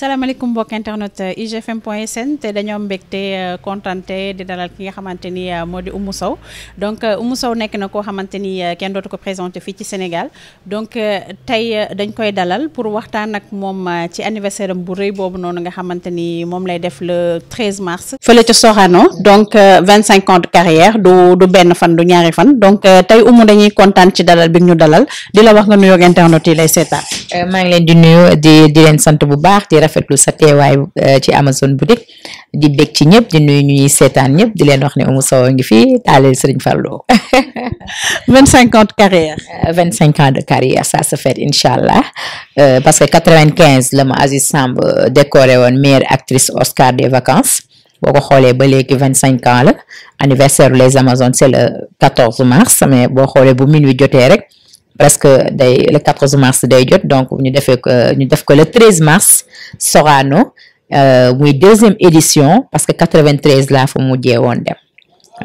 salaamaaleykum mbokk internet euh, igfm point sn te dañoo mbégte euh, kontante di dalal ki nga xamante ni euh, moo di Oumou Sow donc Oumou Sow nekk na koo xamante ni kenn dootu ko présenté fii ci Sénégal donc tey dañ koy dalal pour waxtaan ak moom ci anniversaire am bu rëy boobu noonu nga xamante ni moom lay def le 13 mars. fële ca donc 25 ans de carrière du du benn fan du ñaari fan donc tey Oumou dañuy kontaan ci dalal bi ñu dalal di la wax nga nuyoog internet yi lay seetaan. maa ngi leen di nuyu di di leen bu baax le euh, ci Amazon boutique di ci di ñuy sétane di leen wax 25 ans de carrière 25 euh, ans de carrière ça se fait inshallah euh, parce que 95 le je Aziz décoré won meilleure actrice Oscar des vacances boko xolé ba légui 25 ans la anniversaire les Amazon c'est le 14 mars mais bo xolé bu minuit joté rek presque day le 14 mars day jot donc ñu devons ñu def ko le 13 mars Sorano euh, muy deuxième édition parce que 93 là fa mujjee on dem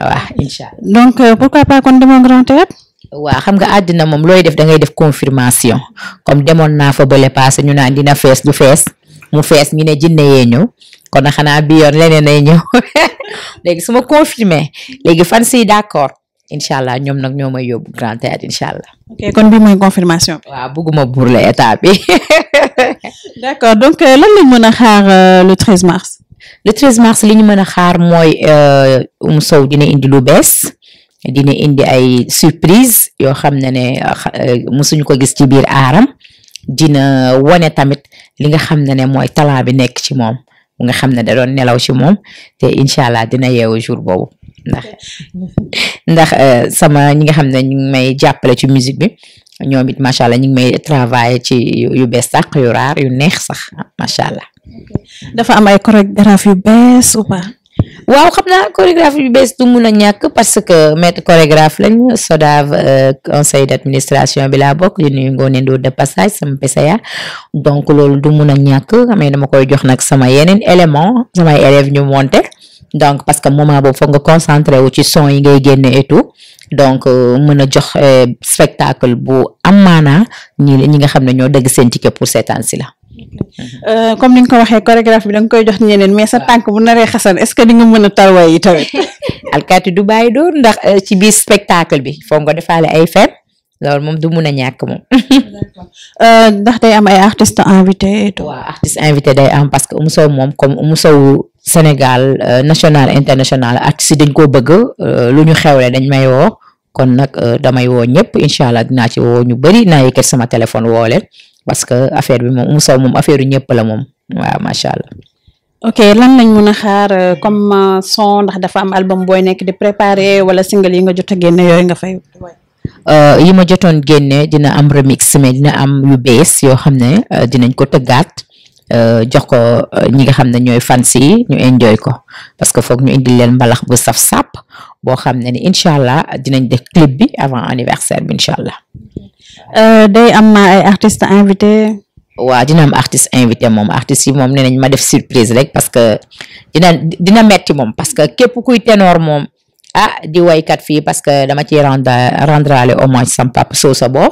wa inshallah donc euh, pourquoi pas kon demande Grand tête wa xam nga adina mom loy def da ngay def confirmation comme demoon na fa bële passé ñu naan dina fess du nous mu fess ñu né jinné yee ñëw kon xana bi yor leneen ay ñëw léegi su ma confirmé fan si d'accord. incha allah ñoom nag ñoo may yóbbu Grand Théâtre incha allah. kon bii mooy confirmation bi. waaw bëgguma burle état bi. d' donc euh, lan lañ mën a xaar euh, le 13 mars. le 13 mars li ñu mën a xaar mooy euh, Oumou Sow dina indi lu bees dina indi ay surprise yoo xam ne ne mosuñu ko gis ci biir aaram dina wone tamit li nga xam ne ne mooy talent bi nekk ci moom nga xam ne da doon nelaw ci moom te incha allah dina yeewu jour boobu. ndax ndax euh, sama ñi nga xam ne ñu ngi may jàppale ci musique bi ñoom it macha allah ñu ngi may travailler ci yu bees sax yu rar, yu neex sax ah, macha allah. dafa am ay chorégraphe yu bees ou pas. waaw xam naa chorégraphe yu bees du mun a ñàkk parce que maître chorégraphe lañ SODAV euh, conseil d'administration bi laa bokk di nuyu Ngoné Ndour de passage sama PCA donc loolu du mun a ñàkk dama koy jox nag sama yeneen élément samay élève ñu monter. donc parce que moment bob fo nga concentré wu ci son yi ngay génne et tout donc euh, mën jox euh, spectacle bu amana ñi ñi nga xamné ne ñoo dëgg seen ticket pour seetaan si la. Euh, comme ni nga ko waxee chorégraphe bi dang koy jox ñeneen mais sa tank bu naree xasan est-ce que di nga mën a tarwaay yi tamit. alkaati du bàyyi dóor ndax ci bi spectacle bi fo nga defaale ay fête lool moom du mun a ñàkk moom. ndax day am ay artistes invités. waaw artiste invité day am parce que Oumou Sow moom comme Oumou Sow Sénégal euh, national international ak si dañ ko bëgg euh, lu ñu xewle dañ may woo kon nag euh, damay woo ñëpp incha allah dinaa ci woo ñu bëri naa yëkkat sama téléphone woo leen parce que affaire bi moom Oumou Sow moom affaire yu ñëpp la moom waaw macha allah. ok lan lañ mën a xaar comme son ndax dafa am album booy nekk di préparer wala single yi nga jot a génne yooyu nga fay. yi ma jotoon génne dina am remix mais dina am yu bees yoo xam ne dinañ ko tëggaat. Euh, jox ko euh, ñi nga xam ne ñooy fans yi ñu enjoy ko parce que foog ñu indi leen mbalax bu saf sàpp boo xam ne ni incha allah dinañ def clip bi avant anniversaire bi incha allah. Euh, day am ma ay artistes invités. waaw dina am artiste invité moom artistes yi moom nee nañ ma def surprise rek parce que dina dina metti moom parce que képp kuy ténor moom. ah di waykat fii parce que dama ci rendre rendrale hommage sam papa Sosa Boor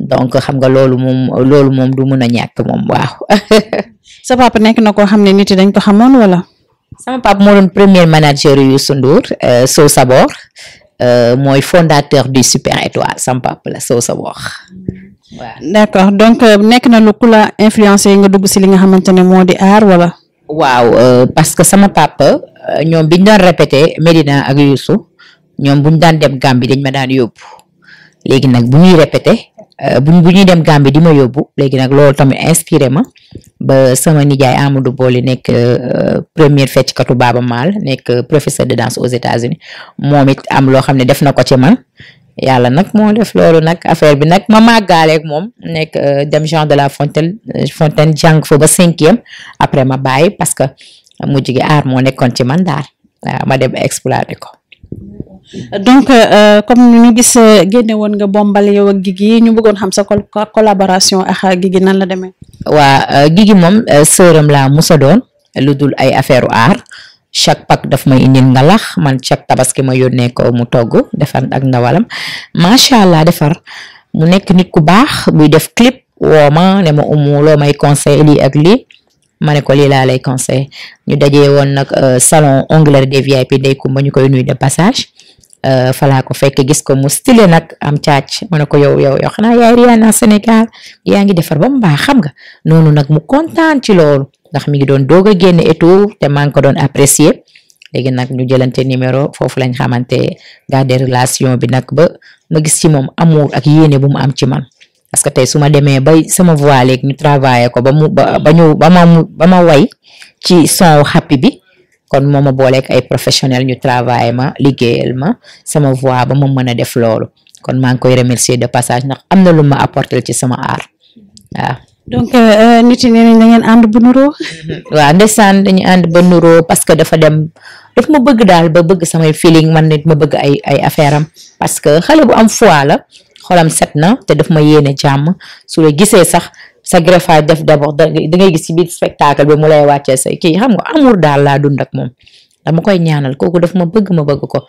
donc xam nga loolu moom loolu moom du mun a ñàkk moom waaw. sa papa nekk na koo xam ne nit yi dañ ko xamoon wala. sama papa moo doon premier manager Youssou Ndour euh, Sosa euh, mooy fondateur du Super Étoile sama la Sosa Boor. waaw d' accord donc euh, nekk na lu ku la influencé nga dugg si li nga xamante moo di aar wala. waaw euh, parce que sama papa euh, ñoom biñ doon répété Medina ak Youssou ñoom buñ daan dem Gambie dañ ma daan yóbbu léegi nag bu ñuy répété euh, buñ bu ñuy dem Gambie di ma yóbbu léegi nag loolu tamit inspiré ma ba sama nijaay Amadou Boli nekk premier fecckatu Baaba Maal nekk professeur de danse aux États-Unis moom it am loo xam ne def na ko ci man yàlla nag moo def loolu nag affaire bi nag ma màggaaleeg moom nekk euh, dem Jean de la Fontaine euh, Fontaine jàng fa ba cinquième après ma bàyyi parce que mujj gi aar moo nekkoon ci man daal ma dem exploité ko. donc euh, comme ñu gis génne woon nga bombal yow ak Guigui ñu bëggoon xam sa collaboration ak Guigui nan la demee. waa Guigui moom sëram laa musa doon lu dul ay affaire u aar. chaque pack daf may indil ngalax man chaque tabaski ma yónnee ko mu togg defar ak ndawalam macha allah defar mu nekk nit ku baax buy def clip woo ma ne ma umu loo may conseil lii ak li ma ne ko lii laa lay conseil ñu dajee woon nag euh, salon onglerie de VIP Ndeye Coumba ñu koy nuyu de passage euh, falaa ko fekk gis ko mu stylé nag am caac ma ne ko yow yow xanaa yaay Rihanna Sénégal yaa ngi defar ba mu baax xam nga noonu nag mu kontaan ci loolu ndax mi ngi doon doog a génn et tout te maa ngi ko doon apprécier léegi nag ñu jëlante numéro foofu lañ xamante garder relation bi nag ba ma gis ci moom amour ak yéene bu mu am ci man parce que tey su ma demee bay sama voix léegi ñu travailler ko ba mu ba ñu ba ma ba ma way ci son happy bi kon moo ma booleeg ay professionnel ñu travailler ma liggéeyal ma sama voix ba ma mën a def loolu kon maa ngi koy remercier de passage nak am na lu ma apporter ci sama art waaw donc euh, euh, nit yi nee nañ da ngeen ba nuroo. waaw ndeysaan dañuy ànd ba nuroo parce que dafa dem daf ma bëgg daal ba bëgg samay feeling man nit ma bëgg ay ay affaire am parce que xale bu am fois la xolam set na te daf ma yéene jàmm su la gisee sax sa greffage def d'abord da ngay gis ci biir spectacle bi mu lay wàccee say kii xam nga amour daal laa dund ak moom. dama koy ñaanal kooku daf ma bëgg ma bëgg ko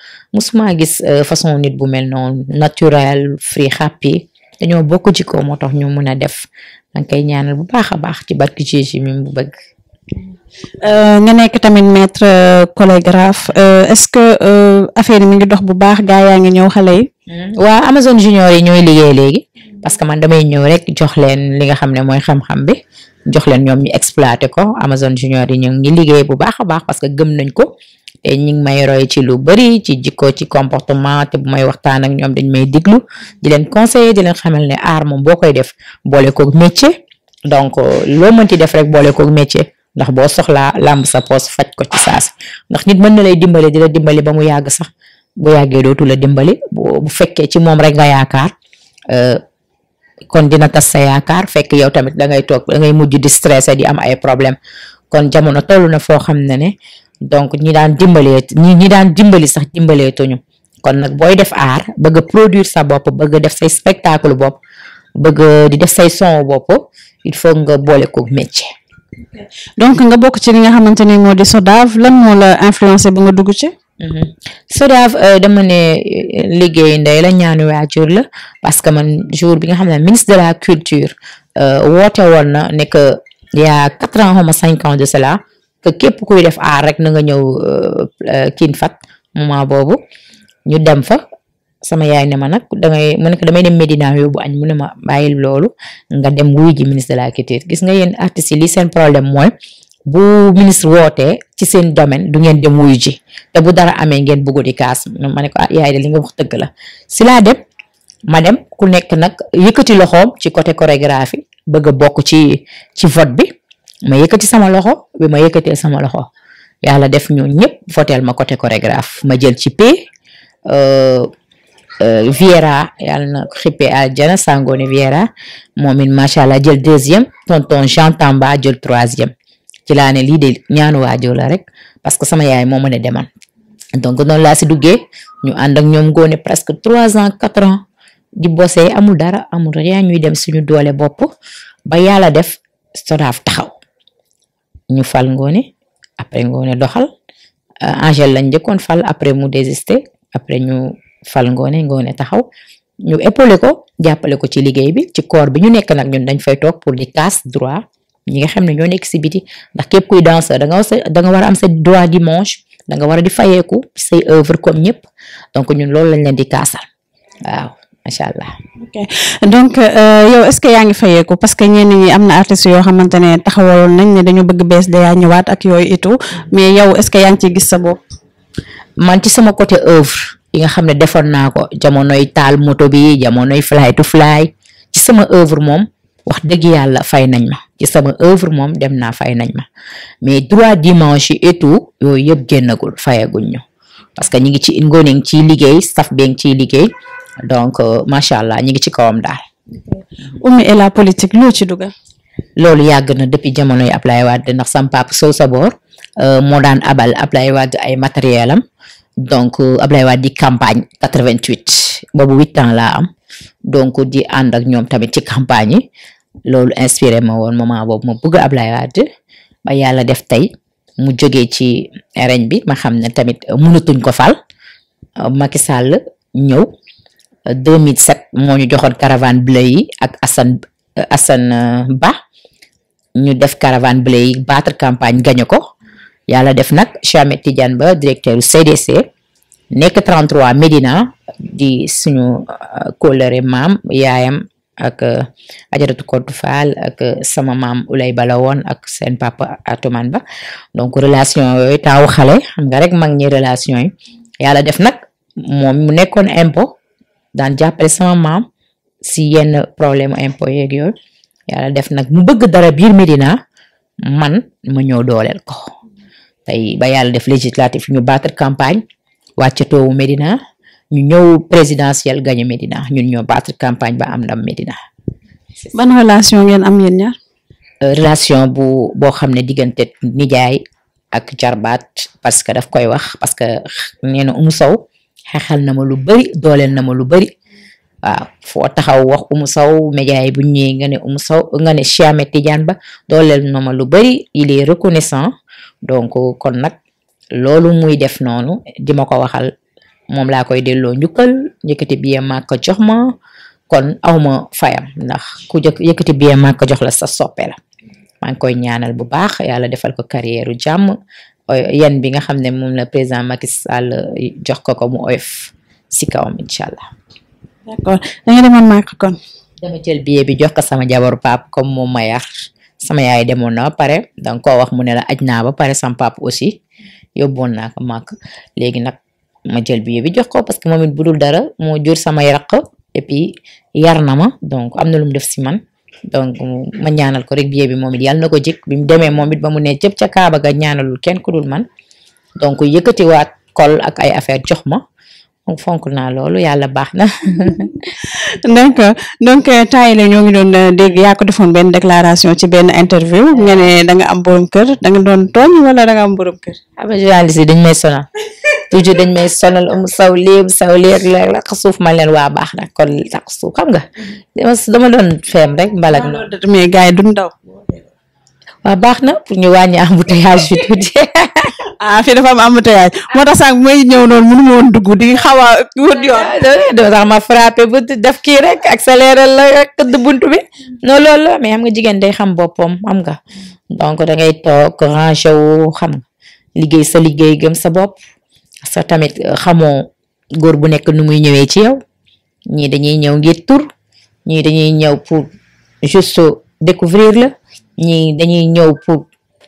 maa gis euh, façon nit bu mel noonu naturel free happy dañoo bokk jikko moo tax ñu mën a def danga koy ñaanal bu baax a baax ci barki Jésus mi mu bëgg. Euh, nga nekk tamit maître euh, chorégraphe euh, est-ce que affaire yi mi ngi dox bu baax gaa yaa ngi ñëw xale yi. Hmm. waa Amazon junior yi ñooy liggéey léegi hmm. parce que man damay ñëw rek jox leen li nga xam ne mooy xam-xam bi jox leen ñoom ñu exploité ko Amazon junior yi ñu ngi liggéey bu baax a baax parce que gëm nañ ko. ñi ngi may roy ci lu bari ci jikko ci comportement te bu may waxtaan ak ñom dañ may diglu di len conseiller di len xamal ne ar moom bokay def bolé ko métier donc euh, loo mënti def rek bolé ko métier ndax bo soxla lamb sa poste fajj ko ci sas ndax nit mën na lay dimbali di la dimbali ba mu yag sax bu yàggee dootu la dimbali bu fekkee ci mom rek nga euh kon dina tas sa yaakar fekk yow tamit da ngay tok da ngay mujj di stressé di am ay problème kon jamono tollu na fo xamné né donc ñi daan dimbalee ñi ñi daan dimbali sax dimbaleetuñu kon nag booy def aar bëgg a produire sa bopp bëgg def say spectacle bopp bëgg di def say son bopp il faut nga boole ko métier. donc nga bokk ci li nga xamante ne moo di SODAV lan moo la influencé ba nga dugg ci. Mhm. SODAV euh, dama ne euh, liggéey ndey la ñaanu waajur la parce que man jour bi nga xam ne ministre de la culture euh, woote woon na ne que y a quatre ans xaw cinq ans de cela. képp kuy def aar rek na nga ñëw euh, euh, kiin fat moment boobu ñu dem fa sama yaay ne ma nag dangay mu ne damay dem Médina yóbbu añ mu ne ma bàyyil loolu nga dem wuy ji ministre de la culture gis nga yéen artistes yi li seen problème mooy bu ministre wootee ci seen domaine du ngeen dem wuy ji te bu dara amee ngeen bëgg di kaas ma ne ko ah, yaay de li nga wax dëgg la si laa dem ma dem ku nekk nag yëkkati loxoom ci côté chorégraphie bëgg a bokk ci ci vote bi ma yëkkati sama loxo bi ma yëkkatee sama loxo yàlla def ñu ñëpp voteel ma côté chorégraphe ma jël ci P euh, euh, Viera yàlla na xippee àjjana Sangone Viera moom it macha allah jël deuxième tonton Jean Tamba jël troisième ci laa ne lii de ñaanu waajur la rek parce que sama yaay moo ma ne deman donc noonu laa si duggee ñu ànd ak ñoom góone presque trois ans quatre ans di bosee amul dara amul rien ñuy dem suñu doole bopp ba yàlla def soda taxaw. ñu fal ngoone après ngoone doxal euh, Angèle lañ njëkkoon fal après mu désisté après ñu fal ngoone ngoone taxaw ñu épaulé ko jàppale ko ci liggéey bi ci corps bi ñu nekk nag ñun dañ fay toog pour di casse droit ñi nga xam ne ñoo nekk si biti ndax képp kuy danseur danga nga da nga war a am sa droit dimanche danga nga war a di fayeeku say œuvre comme ñëpp donc ñun loolu lañ leen di kaasal waaw macha allah. ok donc euh, yow est ce que yaa ngi fayeeku parce que ñenn ñi am na artistes yoo xamante ne taxawaloon nañ ne dañu bëgg bees de ñëwaat ak yooyu itu mais yow est ce que yaa ngi gis sa bopp. man ci sama côté œuvre yi nga xam ne defoon naa ko jamonoy moto bi jamonoy fly to fly ci sama œuvre moom wax dëgg yàlla fay nañ ma ci sama œuvre moom dem naa fay nañ ma mais droit dimanche et tout yooyu yëpp génnagul fayaguñ parce que ñu ngi ci ciy staff beng Chili ciy donc euh, macha allah ñu ngi ci kawam daal. ummi et la politique loo ci dugal. loolu yàgg na depuis jamono yi Ablaye Wade ndax sam papa Sow Sabor euh, moo daan abal Ablaye Wade ay matériel am donc euh, Ablaye Wade di campagne 88 boobu huit ans laa am donc di ànd ak ñoom tamit ci campagne yi loolu inspiré ma woon moment boobu ma bëgg Ablaye Wade ba yàlla def tey mu jógee ci reñ bi ma xam ne tamit mënatuñ ko fal Macky Sall ñëw. 2007 moo ñu joxoon caravane bleu yi ak Assane euh, Assane euh, Ba ñu def caravane bleu yi battre campagne gagné ko yalla def nak chamet Tidiane Ba directeur CDC nek 33 Medina di suñu euh, kóllëre mam, yaayam ak adjaratu Kodou Fall ak sama mam Ulay Ba ak sen papa atoman Ba donc relation yoy taw xalé xam nga rek mag ñi relation yi yàlla def nak mom mu nekkoon impôt dan jappel sama mam si yenn problème impôt yeeg yoy yalla def nak mu bëgg dara biir medina man ma ñoo dolel ko tay ba yalla def législatif ñu battre campagne wàccatoowu medina ñu ñew présidentiel gagne medina ñun ñoo battre campagne ba am ndam medina ban relation ngeen am yeen ñaar. Euh, relation bu bo xamne digënté nijaay ak jarbat parce que daf koy wax parce que umu saw xeexal na ma lu bari dooleel na ma lu bari waaw foo taxaw wax umu saw média bu ñëwee nga ne umu saw nga ne Cheikh Ba dooleel na ma lu bari il est reconnaissant donc kon nag loolu muy def noonu di ma ko waxal moom laa koy delloo njukkal yëkkati bi ma ko jox ma kon awma fayam ndax ku jëkk yëkkati bi ma ko jox la sa soppe la koy ñaanal bu baax yàlla defal ko carrière jàmm yan bi nga xam ne moom la président Macky Sall jox ko ko mu oyof si kawam incha allah. d'accord da kon. dama jël billet bi jox ko sama jabaru pap comme moom ma yar sama yaay demoon na ba pare danga koo wax mu ne la aj naa ba pare sama pap aussi yóbboon naa ko màkk léegi nag ma jël billet bi jox ko parce que moom it dul dara moo jur sama yaraq et puis yar na ma donc am na lu mu def si man. donc ma ñaanal ko rek billet bi moom it yàlla na ko jik bi mu demee moom it ba mu ne cëpp ca Kaaba ga ñaanalul kenn ku dul man donc yëkkatiwaat kol ak ay affaire jox ma donc fonk naa loolu yàlla baax na. d'accord donc euh, taay la ñoo ngi doon euh, dégg yaa ko defoon benn déclaration ci benn interview nga ne da am borom kër da nga doon tooñ wala da nga am borom kër. ah journaliste yi toujours dañ may sonal um saw léeb saw léeg la laq suuf ma leen waa baax nag kon laq xam nga dama don fem rek balak ah, no me gay du ndaw wa baax na pour ñu wañi am embouteillage bi tuuti ah fi dafa am am moo motax sax may ñew non mënu ma woon dugg di xawa wut yoon do sax ma frappé bu def ki rek accélérer la rek de buntu bi non loolu la mais am nga jigen day xam bopom am nga donc da ngay tok rangé wu xam nga sa liggéey gem sa bop sa tamit euh, xamoo góor bu nekk nu muy ñëwee ci yow ñii dañuy ñëw ngir tur ñii dañuy ñëw pour juste découvrir la ñii dañuy ñëw pour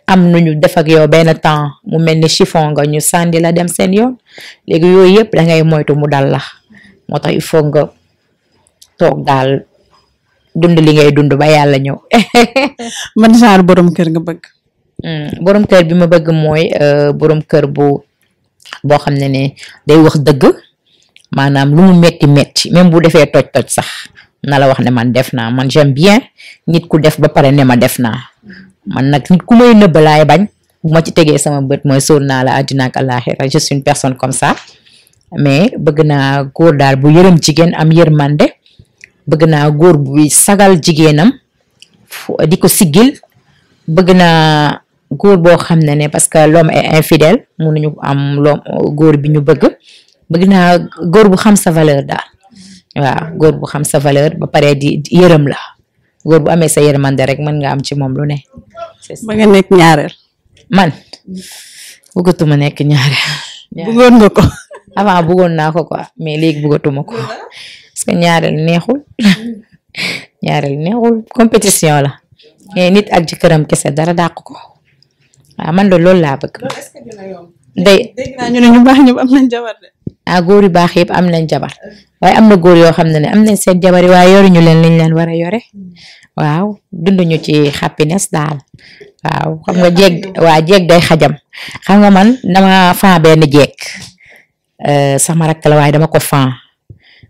am nuñu def ak yow benn temps mu mel ni chiffon nga ñu sàndi la dem seen yoon léegi yooyu yëpp dangay moytu mu dal la moo tax il faut nga toog daal dund li ngay dund ba yàlla ñëw. man genre borom kër nga bëgg. Hmm, borom bi ma bëgg mooy euh, borom kër bu. bo xamne ne day wax deug manam lu mu metti metti même bu defé toj toj sax nala wax ne man defna man j'aime bien nit ku def ba paré ne ma defna man nak nit ku may neub lay bañ bu ma ci tégué sama bët moy sonna la adina ak alakhir je suis une personne comme ça mais bëgg na goor dal bu yërem jigen am yërmandé bëgg na goor bu sagal jigenam di ko bëgg na góor boo xam ne ne parce que l'homme est infidèle mënuñu am l'homme góor bi ñu bëgg bëgg naa góor bu xam sa valeur daal waaw góor bu xam sa valeur ba pare di yërëm la góor bu amee sa yërmande rek mën nga am ci moom lu ne. ba nga nekk ñaareel. man bëggatuma nekk ñaareel. avant bëggoon naa ko quoi mais léegi bëggatuma ko parce que ñaareel neexul ñaareel compétition la mais nit ak këram kese dara dàq ko. waaw man de loolu laa bëgg. day dégg naa ñu ne ñu baax ñëpp am nañ jabar de. ah góor yu baax yëpp am nañ jabar waaye am na góor yoo xam ne ne am nañ seen jabar yi waaye yoruñu leen liñ leen war a yore hmm. waaw dunduñu ci happiness daal waaw xam nga jeeg waa jeeg day xajam xam nga man dama fan benn jeeg euh, sama rakk la waaye dama ko fan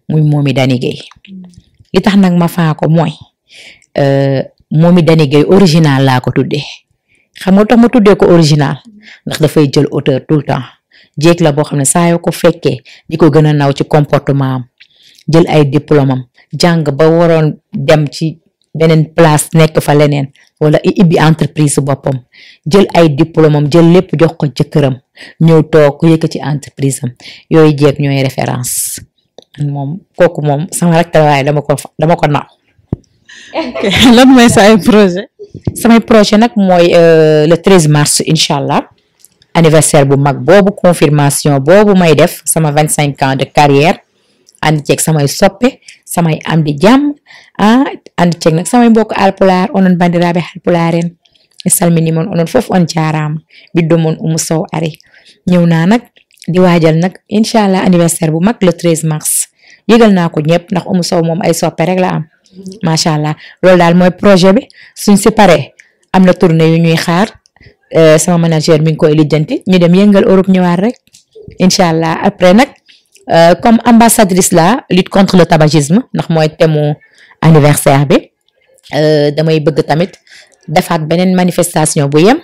muy moomi Dani Gueye hmm. li tax nag ma fan ko mooy euh, moomi Dani Gueye original laa ko tuddee. xam nga tax ma tuddé ko original mm-hmm. ndax fay jël auteur tout temps jéeg la bo xamné sa yo ko féké di ko naw ci comportement am jël ay diplôme am jàng ba waron dem ci benen place nek fa lenen wala ibi entreprise bopam jël ay diplôme am jël lepp jox ko kërëm ñew tok yëkk ci entreprise am yoy jéeg ñoy référence mom koku mom sama rek waaye dama ko dama ko naw lan moy sa projet samay projet nag mooy euh, le 13 mars incha allah anniversaire bu mag boobu confirmation boobu may def sama 25 ans de carrière ànd ceeg samay soppe samay am di jàmm ah ànd ceeg nag samay mbokk alpulaar onon bandiraɓe alpulaaren mi salminimon onon foof on jaaraama biddo umu sow ari ñëw naa nag di waajal nag incha allah anniversaire bu mag le 13 mars naa ko ñëpp ndax umu sow moom ay soppe rek la am macha allah dal moy projet bi suñ si paree am na tournée ñuy xaar euh, sama manager mi ngi koy lijjanti ñu dem yëngal Europe ñëwaat rek inshallah après nag euh, comme ambassadrice la lutte contre le tabagisme ndax mooy thème anniversaire bi euh, damay bëgg tamit defaat beneen manifestation bu yem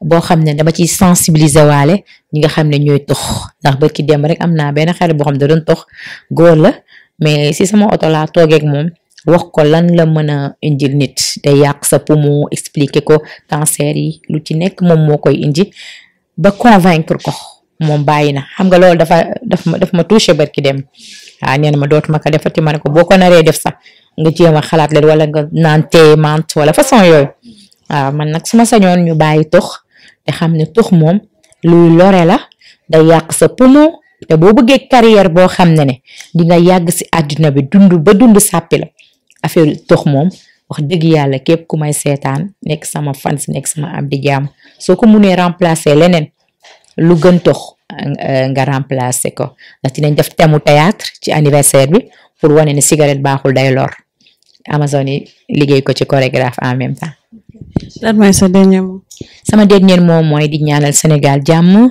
boo xam ne dama ciy sensibiliser waale ñi nga xam ne ñooy tux ndax bërki dem rek am naa benn xale boo xam ne da doon tux góor la mais si sama oto laa toogeeg moom wax ko lan la mën indil nit day yak sa poumon expliquer ko cancer yi lu ci nek mom indi ba convaincre ko mom bayina na xam nga lol dafa daf ma daf ma toucher barki dem ah neena ma dotuma ka defati ma ko def sa nga jema xalat len wala nga nante mante wala façon yoy waaw man nak suma sañon ñu bàyyi tox te xamne tox mom lu loré la day yak sa poumon te bo beugé carrière bo ne di nga yag ci aduna bi dundu ba dundu la affaire tox moom wax dëgg yàlla képp ku may seetaan nekk sama fans nekk sama am di jaam soo ko munee remplacer leneen lu gën tox euh, nga remplacer ko ndax dinañ def thème mu théâtre ci anniversaire bi pour wane ne cigarette baaxul day lor Amazone yi liggéey ko ci chorégraphe en même temps. lan sama dernier moom mooy di ñaanal Sénégal jàmm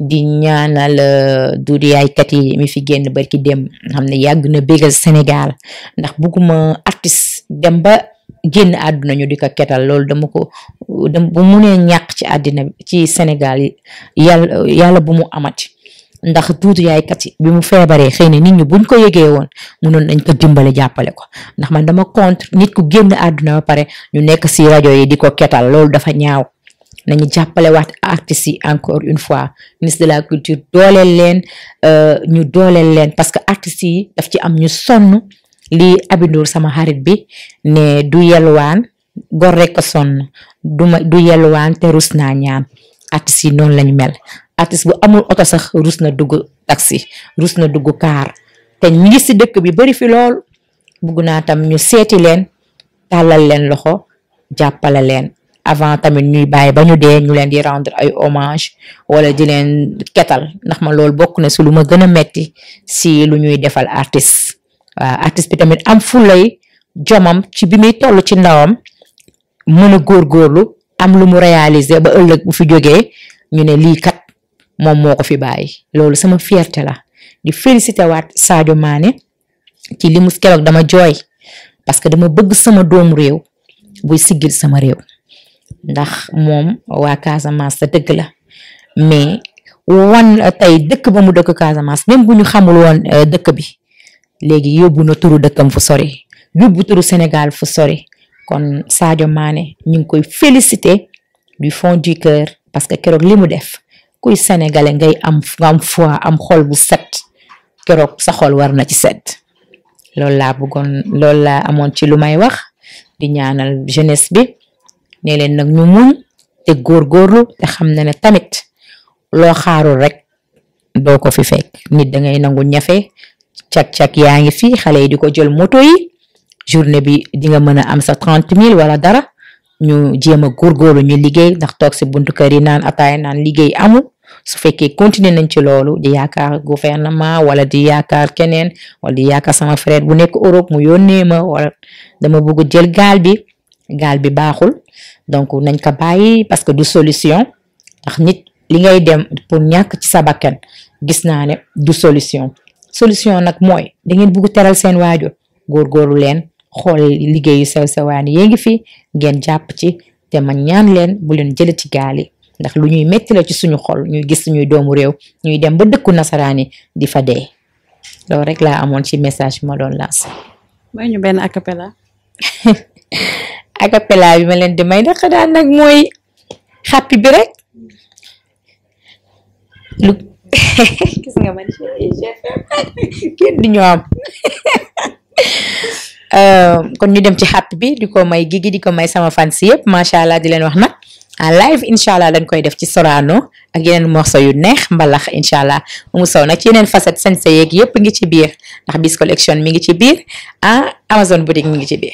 di ñaanal euh, Doudou Yaye Kati mi fi génn barki dem xam ne yàgg na bégal Sénégal ndax bugguma artiste dem ba génn àdduna ñu di ko ketal loolu dama ko bu mu nee ñàkk ci àddina ci Sénégal yàlla bu mu amati ndax duudu yaay kat bi mu feebaree xëy na nit ñi buñ ko yëgee woon mënoon nañ ko dimbale jàppale ko ndax man dama contre nit ku génn àdduna ba pare ñu nekk si rajo yi di ko ketal loolu dafa ñaaw nañu jàppale waat artistes yi encore une fois ministre de la culture dooleel leen euh, ñu dooleel leen parce que artistes yi daf ci am ñu sonn lii abindoor sama xarit bi ne du yelwaan gor rek ko sonn du ma du yelwaan te rus naa ñaan artistes yi noonu lañu mel artiste bu amul oto sax rus na dugg taxi rus na duggu kaar te ñi si dëkk bi bari fi lool bugg naa tam ñu seeti leen tàllal leen loxo jàppale leen avant tamit ñuy bàyyi ba ñu dee ñu leen di rendre ay hommage wala di leen ketal ndax ma loolu bokk na si lu ma gën a metti si lu ñuy defal artiste waaw artiste bi tamit am fulay jomam ci bi muy toll ci ndawam mën a góorgóorlu am lu mu réaliser ba ëllëg bu fi jógee ñu ne lii kat moom moo ko fi bàyyi loolu sama fierté la di félicité waat Sadio maane ci li mu keroog dama jooy parce que dama bëgg sama doomu réew buy siggil sama réew ndax moom waa Casamance sa dëgg la mais wan tey dëkk ba mu dëkk Casamance même bu ñu xamul woon euh, dëkk bi léegi yóbbu na dëkk dëkkam fu sori yóbbu turu Sénégal fu sori kon Sadio maane ñu ngi koy félicité du font du cœur parce que keroog li mu def. kuy sénégalais ngay am am fois am xol bu set keroog sa xol war na ci set loolu laa bëggoon loolu laa amoon ci lu may wax di ñaanal jeunesse bi ne leen nag ñu muñ te góorgóorlu te xam na ne tamit loo xaarul rek doo ko fi fekk nit dangay nangu ñafe cak-cak yaa ngi fi xale yi di ko jël moto yi journée bi di nga mën a am sa trente mille wala dara ñu jéem a góorgóorlu ñu liggéey ndax toog si buntu kër yi naan ataaya naan liggéey amul su fekkee continuer nañ ci loolu di yaakaar gouvernement wala di yaakaar keneen wala di yaakaar sama frère bu nekk Europe mu yónnee ma wala dama bëgg jël gaal bi gaal bi baaxul donc nañ ko bàyyi parce que du solution ndax nit li ngay dem pour ñàkk sa bakkan gis naa ne du solution solution nag mooy da ngeen bëgg teral seen waajur góorgóorlu leen xool liggéeyu sew sewaan yi ngi fi ngeen jàpp ci te ma ñaan leen bu leen jëlee ci gaal yi ndax lu ñuy metti la ci suñu xol ñuy gis suñuy doomu réew ñuy dem ba dëkku yi di fa dee loolu rek laa amoon ci message bi ma doon ñu benn acapella. acapella bi ma leen di may ndax daan nag mooy xàppi bi rek. am euh, kon ñu dem ci xàpp bi di ko may gi gigi di ko may sama fans yëpp macha allah di leen wax na en live incha dañ koy def ci Sorano ak yeneen morceau yu neex mbalax incha allah Oumou Sow nag ci yeneen facette sañse yeeg ngi ci biir ndax Biz Collection mi ngi ci biir ah Amazon boutique mi ngi ci biir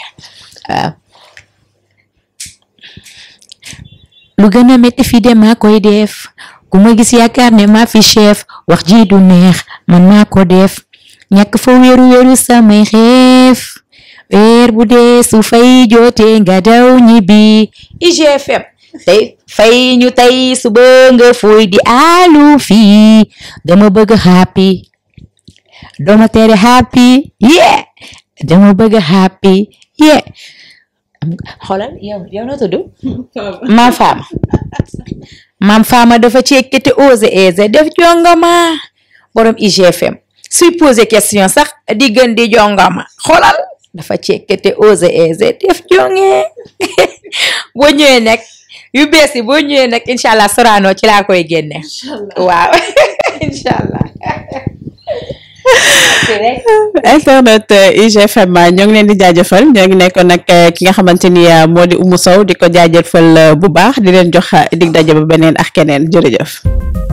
lu gën a métti fii de maa koy def ku gis yaakaar ne maa fi chef wax ji neex man maa ko def ñàkk fa wéeru wéeru samay xeef weer bu dee su fay jotee nga daw ñibbi IGFM. tey fay ñu tey suba nga fuy di alu fii dama bëgg happy dama tere happy yeah dama bëgga happy yeah xoolal yow yow noo tudd faama maam faama dafa ci ekkati ose ese def jongama borom question sax di gën di jongama dafa ci ekkati ose ese def jonge boo nekk yu bees yi boo ñëwee nag incha allah Sorano ci laa koy génne. waaw incha allah. internet eh, ñoo ngi leen di jaajëfal ñoo ngi nekkoon nag eh, ki nga xamante ni eh, moo di Oumou Sow di ko jaajëfal bu baax di leen jox dig daje ba beneen ak keneen jërëjëf.